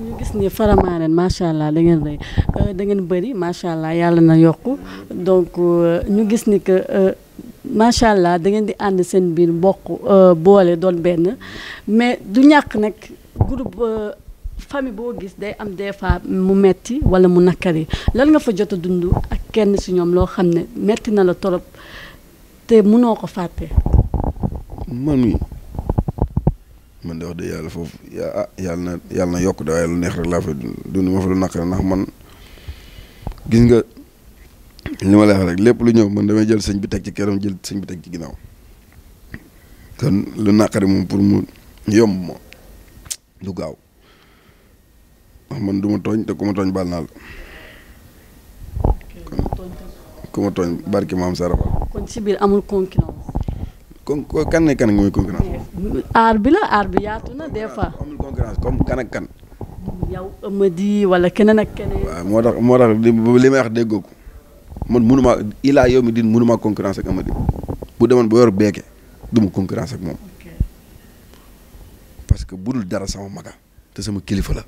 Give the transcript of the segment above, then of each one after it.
ñu gis ni Faramareen macha allah da ngeen rëy euh, da ngeen bëri macha allah yàlla na yokku donc euh, ñu gis ni que euh, macha allah da ngeen di ànd seen biir bokk boole doon benn mais du ñàkk nag groupe famille boo gis day am des fois mu metti wala mu nakari lan nga fa jot a dund ak kenn si ñoom loo xam ne metti na la torop te mënoo ko fàtte. man de wax dëgg yàlla foofu ah, yàlla na yàlla na yokk de waaye lu neex rek laa fa dund ma fa lu naqare nax man gis nga li ma lay rek lépp lu ñëw mën damay jël sëñ bi teg ci këram jël sëñ bi teg ci ginnaaw kon lu naqari moom pour mu yomb ma du gaaw ndax man du tooñ te ku ma tooñ baal naa la kon tooñ barki maam Saraba. kon kan ak kan mooy concurrence. aar bi la aar bi yaatu na des fois. amul concurrence comme kan ak kan. yow Amady wala keneen ak keneen. moo tax moo tax li may wax déggoo ko man mënuma ilaa yow mi din mënuma concurrence ak Amady bu demoon ba yor beeke du ma concurrence ak moom. parce que budul dara sama maga te sama kilifa la.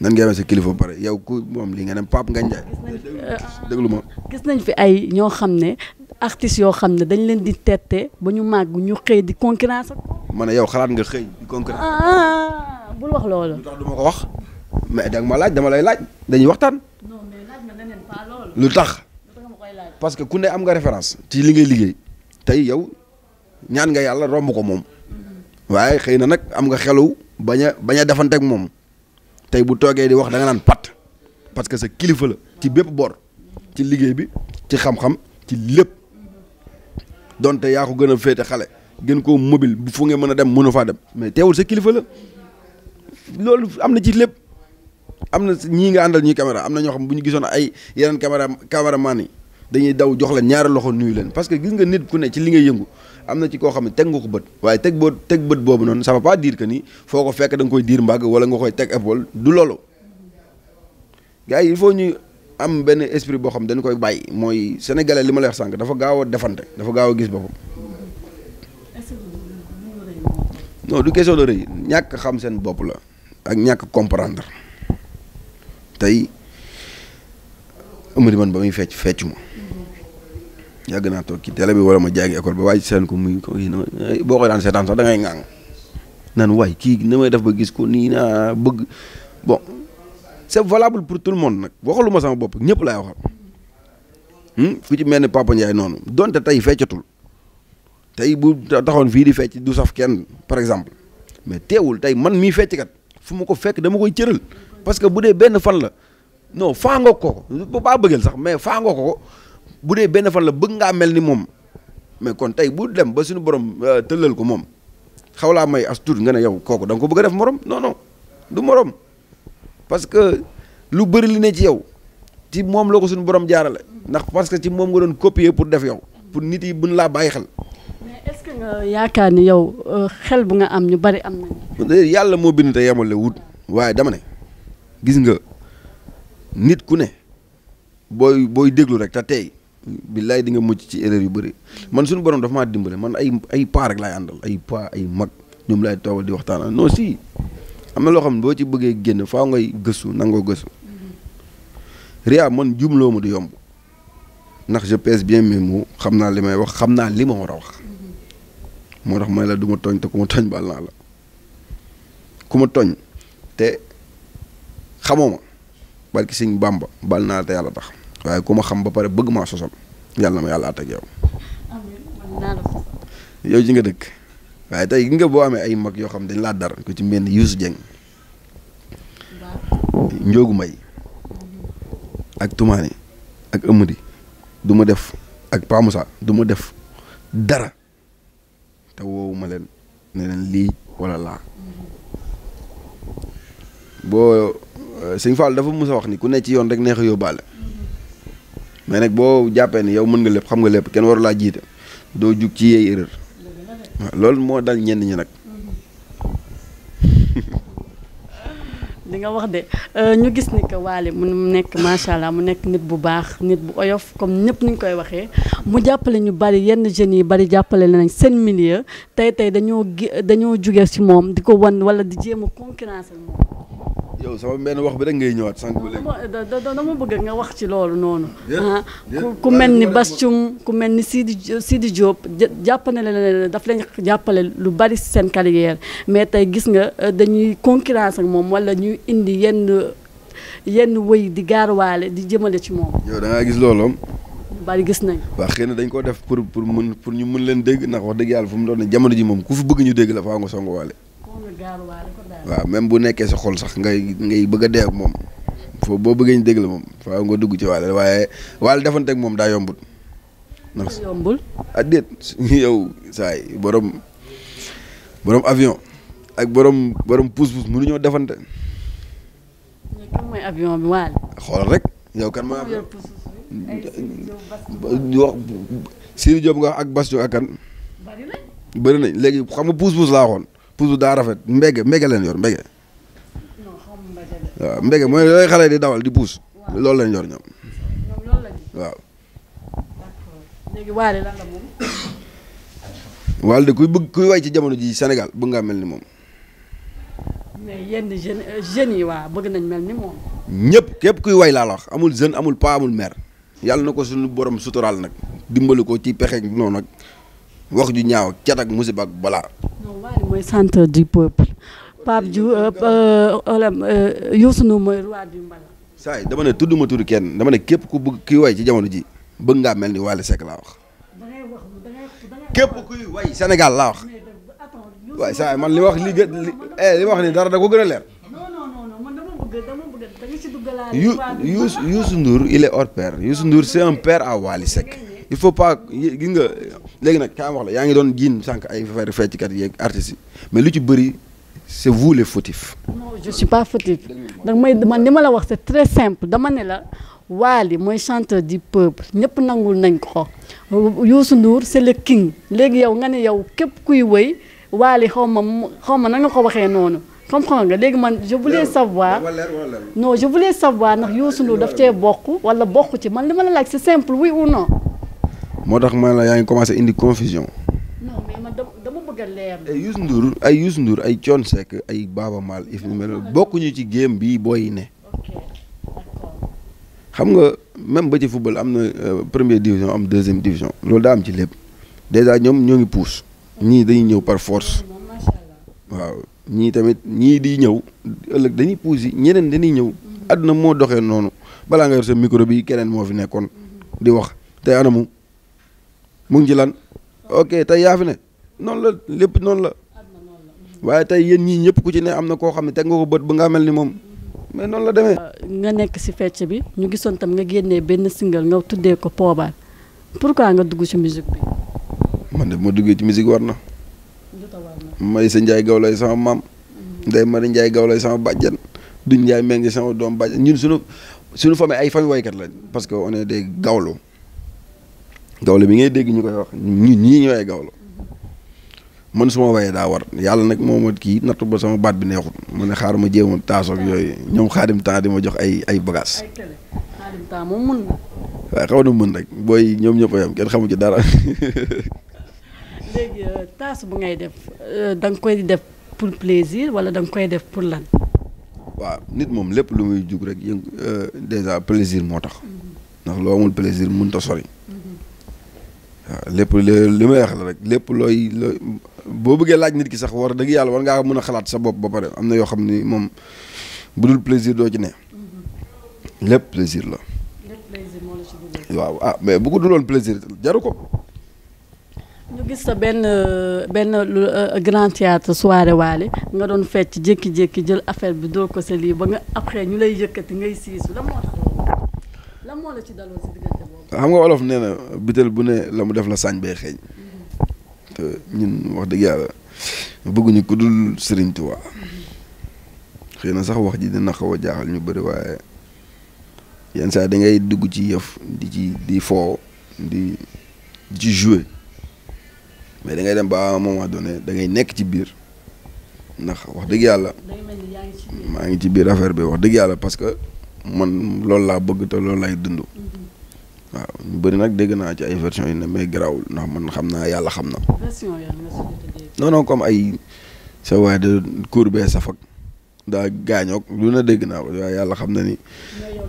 nan ngay amee sa kilifa ba pare yow ku moom li nga ne Pape Ngagne Ndiaye. Euh, gis nañ fi ay ñoo xam ne artistes yoo xam ne dañ leen di tette ba ñu màgg ñu xëy di concurrence ak. ma ne yow xalaat nga xëy di concurrence. Ah, ah, bul wax loolu. lu tax du ko wax. mais da ma laaj dama lay laaj dañuy waxtaan. lu tax. parce que ku ne am nga référence. ci li ngay liggéey tey yow ñaan nga yàlla romb ko moom. Mm-hmm. waaye xëy na nag am nga xelu bañ a bañ a defanteeg moom tey bu toogee di wax danga naan pat parce que sa kilifa la ci bépp bor ci liggéey bi ci xam-xam ci lépp donte yaa ko gën a féete xale gën koo mobile bu fu ngeen mën a dem mënu faa dem mais teewul sa kilifa la loolu am na ci lépp am na ñii nga àndal ñuy caméra am na ñoo xam bu ñu gisoon ay yeneen caméra caméraman yi dañuy daw jox la ñaari loxo nuyu leen parce que gis nga nit ku ne ci li nga yëngu am na ci koo xam ne teg nga ko bët waaye teg boo teg bët boobu noonu ça veut pas dire que ni foo ko fekk da nga koy diir mbagg wala nga koy teg épaule du loolu gars yi il faut am benn esprit boo xam dañu koy bàyyi mooy sénégalais li ma la wax sànq dafa gaaw a defante dafa gaaw a gis boppam. non du question de rëy ñàkk xam seen bopp la ak ñàkk comprendre tey Amady man ba muy fecc feccu ma yàgg naa toog ci télé bi wala ma jàngi école ba waaye seen ko muy ko kii boo koy daan seetaan sax da ngay naan waay kii na may def ba gis ko nii naa bëgg c'est valable pour tout le monde nag waxaluma sama bopp ñëpp laay waxal hmm? ku ci mel ni Papa Ndiaye noonu donte tey feccatul tey bu taxoon fii di fecc du saf kenn par exemple mais teewul tey man mii kat fu ma ko fekk dama koy cëral parce que bu dee benn fan la noo faa nga ko ko baa bëggeel sax mais faa nga ko bu dee benn fan la bëgg ngaa mel ni moom mais kon tey bu dem ba suñu borom euh, tëllal ko moom xaw laa may as tuut nga ne yow kooku da ko bëgg a def morom non du morom. parce que lu bëri li ne ci yow ci moom la ko suñu borom jaarale ndax parce que ci moom nga doon copier pour def yow pour nit yi buñ laa bàyyi xel. mais ni yow euh, xel bu nga am ñu bari am nañ. yàlla moo bind te yemale wut waaye dama ne gis nga nit ku ne booy booy déglu rek te tey. billaay di nga mucc ci erreur yu bëri man suñu borom dafa maa dimbale man ay ay paa rek laay àndal ay paa ay mag ñoom laay toogal di waxtaan non si am na loo xam ne boo ci bëggee génn faaw ngay gëstu nangoo gëstu Ria man jumloo ma du yomb ndax gps pèse bien mes mots xam naa li may wax xam naa li ma war a wax moo tax may la du ma tooñ te ku ma tooñ baal naa la ku ma tooñ te xamoo ma sëñ Bàmba baal naa la te yàlla tax waaye ku ma xam ba pare bëgg maa sosal yàlla ma yàlla àtt yow. yow ji nga dëkk. waaye tey gi nga boo amee ay mag yoo xam dañ laa dara ko ci mel ni Youssou Dieng Njoogu May ak Toumani ak Amady du def ak Pa Moussa du def dara te woowuma leen ne leen lii wala laa boo euh, Sëñ Fall dafa musa wax ni ku nekk ci yoon rek neex a yóbbaale mais nag boo jàppee ni yow mën nga lépp xam nga lépp kenn waru laa jiite doo jug ci yeey erreur loolu moo dal ñenn ñi nag. li nga wax de euh, ñu gis ni que Wally mu nekk macha allah mu nekk nit bu baax nit bu oyof comme ñëpp ni ñu koy waxee mu jàppale ñu bari yenn jeunes yi bari jàppale nañ seen milieu tey tey dañoo dañoo juge ci moom di ko wan wala di jéem a concurrence moom. yow sama benn wax bi rek ngay ñëwaat sànq ba léegi. dama bëgg nga wax ci loolu noonu. Ah, ku mel ni Bastoum ku mel ni Sidi Sidi Diop jàppale leen daf leen jàppale lu bari seen carrière mais tey gis nga euh, dañuy concurrence ak moom wala ñuy indi yenn yenn wëy di gaarawaale di jëmale ci moom. yow da gis loolu bari gis nañ waaw xëy na dañ ko def pour pour mën pour ñu mën leen dégg ndax wax dëgg yàlla fu mu doon ne jamono ji moom ku fi bëgg ñu dégg la faa nga songo waale waaw même bu nekkee sa xool sax ngay ngay bëgg a dee moom foofu boo bëggee ñu dégg la moom faaw nga dugg ci waale waaye waale defante ak moom daa yombul. ndax yombul. ah yow saay borom borom ak borom borom pousse mënuñoo defante. xool rek yow kan ma. wax Sidi ak Bass Diop ak kan. bëri léegi xam nga pousse-pousse laa xoon puso daa rafet mbége mbége leen yor mbége waaw mbége mooy yooyu xale di dawal di puus loolu leen yor ñoom waaw waal de kuy bëgg kuy way ci jamono ji senegal bëgg nga mel ni moom mais euh, yi waa bëgg nañ mel ni ñëpp képp kuy way laa amul jeune amul pa amul mère yàlla na ko suñu borom suturaal nag dimbali ko ci pexe noonu nag wax ju ñaaw cat ak musiba ak balaa. non mooy centre du peuple Pape Diouf euh, euh, euh, dama ne tudd ma tudd kenn dama ne képp ku bëgg kuy way ci jamono ji bëgg ngaa mel ni Wally Seck laa wax. képp kuy way Sénégal laa wax. waaye saa man li wax li gë li eh, wax ni dara da ko gën a leer. non non il est hors pair Youssou Ndour c'est un père à Wally Seck il faut pas gis nga. léegi nag kaa wax la yaa ngi doon jiin sànq ay affaire fecckat yeeg artistes yi mais lu ci bëri c'est vous les fautifs. non je suis pas fautif ndax may man li ma la wax se très simple dama ne la Wally mooy chanteur du peuple ñëpp nangul nañ ko Youssou Ndour c'est le king léegi yow nga ne yow képp kuy wëy Wally xaw ma xaw ma na nga ko waxee noonu. comprends nga léegi man je voulais savoir non je voulais savoir ndax Youssou Ndour daf cee bokk wala bokku ci man li ma la laaj c'est simple oui ou non. moo tax man la yaa ngi commencé indi confusion. non ay Youssou Ndour ay Youssou ay Seck ay Baaba Maal if bokkuñu ci game bii booy ne. xam nga même ba ci football am na euh, premier division am deuxième division loolu daa am ci lépp déjà ñoom ñoo ngi pousse ñii dañuy ñëw par force waaw ñii tamit ñii di ñëw ëllëg dañuy pousse yi ñeneen dañuy ñëw mhm. àdduna moo doxee noonu balaa nga yor sa micro bi keneen moo fi nekkoon di wax te anamu. mu ngi ci lan ok tey yaa ne noonu la lépp noonu la waaye tey yéen ñii ñëpp ku ci ne am na koo xam ne teg nga ko bët bu ngaa mel ni moom mais noonu la demee. Euh, nga nekk si fecc bi ñu gisoon tam nga génnee benn single nga tuddee ko Poobaan pourquoi nga dugg ci musique bi. man de ma duggee ci musique war na. may sa Ndiaye Gawlay sama maam. Ndeye Mari Ndiaye Gawlay sama bàjjan. duñ Ndiaye Mengi sama doom bàjjan ñun sunu suñu famille ay famille waykat la parce que on est gawlo gawlo bi ngay dégg ñu koy wax ñi ñu ñooy gawlo man su ma wayee daa war yàlla nag moo ma kii nattu ba sama baat bi neexut ma ne xaar ma jéem a taasoog yooyu ñoom xaadim temps di ma jox ay ay bagages. xaadim moom mën na. waaw xaw na mën rek booy ñoom ñëpp a yam kenn xamu ci dara. léegi euh, taas bu ngay def euh, da nga koy def pour plaisir wala danga koy def pour lan. waaw nit moom lépp lu muy jug rek yëngu euh, déjà plaisir moo tax. Mm-hmm. ndax loo amul plaisir mënut a sori. lépp li may wax la rek lépp looy looy boo buggee laaj nit ki sax war dëgg yàlla war ngaa mën a xalaat sa bopp ba pare am na yoo xam ni moom bu dul plaisir doo ci ne. Mm-hmm. lépp plaisir la. lépp plaisir moo la ci dugal. waaw ah mais bu ko duloon plaisir jaru ko. ñu gis sa benn benn euh, grand théâtre soirée waale nga doon fecc jékki-jékki jël affaire bi doo ko sa lii ba nga après ñu lay yëkkati ngay siisu lan moo la ci daloo si diggante boobu xam nga olof nee na bitel bu ne la mu def la sañ bee xeeñ te ñun wax dëgg yàlla bëgguñu ku dul Sëriñ Tuubaa xëy na sax wax ji dina xaw a jaaxal ñu bari waaye yenn saa dangay ngay dugg ci yëf di ci di foo di di ci jouer mais da ngay dem ba moom un moment dangay nekk ci biir ndax wax dëgg yàlla maa ngi ci biir affaire bi wax dëgg yàlla parce que man loolu laa bëgg te loolu lay dund waaw ñu bëri nag dégg naa ci ay version yi ne mais garaawul ndax man xam naa yàlla xam na. version non ay sa waay de cour bee safak daa gaañoog lu na dégg naa ko waaye yàlla xam na ni.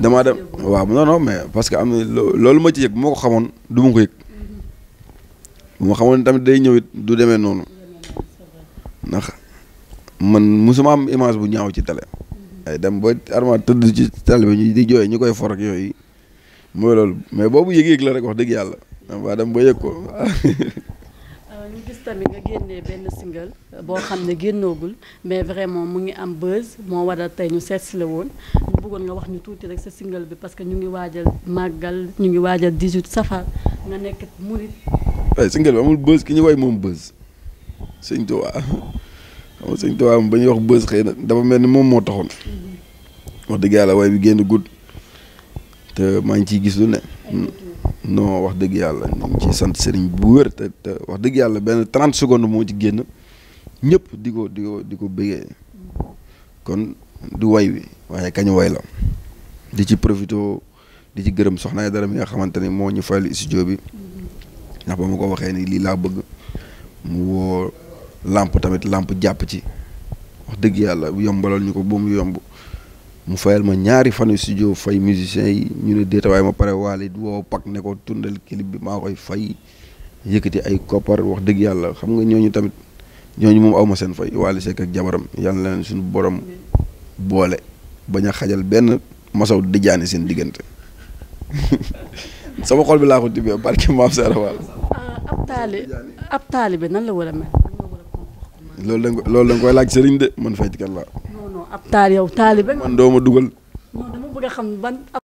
damaa dem waaw non non mais parce que am loolu ma ci yëg moo ko xamoon du ma ko yëg. Mhm. bu ma xamoon tamit day ñëw it du demee noonu. ndax man musuma am image bu ñaaw ci télé. Mhm. ay dem ba arma tëdd ci télé ñu di jooy ñu koy for yooyu. mooy loolu mais boobu yëg-yëg la rek wax dëgg yàlla waa dem ba yëg ko euh, euh, boo xam ne génnoogul mais vraiment mu ngi am buzz moo waral tey ñu seetsi woon ñu nga wax ñu tuuti rek sa single bi parce que ñu ngi waajal màggal ñu ngi waajal 18 safar nga nekk waaye bi ki ñu woy moom buzz sëñ Tuubaa xam nga sëñ ba ñuy wax buzz dafa mel ni moom moo taxoon mm-hmm. dëgg yàlla way bi génn gudd maa ngi ciy gis lu ne. non wax dëgg yàlla ñu ngi sant sëriñ bu wér te wax dëgg yàlla benn 30 secondes moo ci génn ñëpp di ko di ko di ko bëggee kon du way wi waaye kañ way la di ci profité di ci gërëm soxnaay dara mi nga xamante ni moo ñu fayal studio bi ndax ba ma ko waxee ni lii laa bëgg mu woo làmp tamit làmp jàpp ci wax dëgg yàlla yombalal ñu ko ba mu yomb mu fayal ma ñaari fan studio fay musiciens yi ñu ne déeta waaye ma pare waale du woo pak ne ko tundal clip bi ma koy fay yëkkati ay koppar wax dëgg yàlla xam nga ñooñu tamit ñooñu moom awma seen fay Wally Seck ak jabaram yàlla na leen suñu borom boole bañ a xajal benn masaw dijjaane seen diggante sama xol bi laa ko tibbee barke maam Sara Wall ah, ab taali ab taali bi la war mel loolu da koy laaj sëriñ de man faytikat laa ab taal yow taalibe. man doo ma dugal. a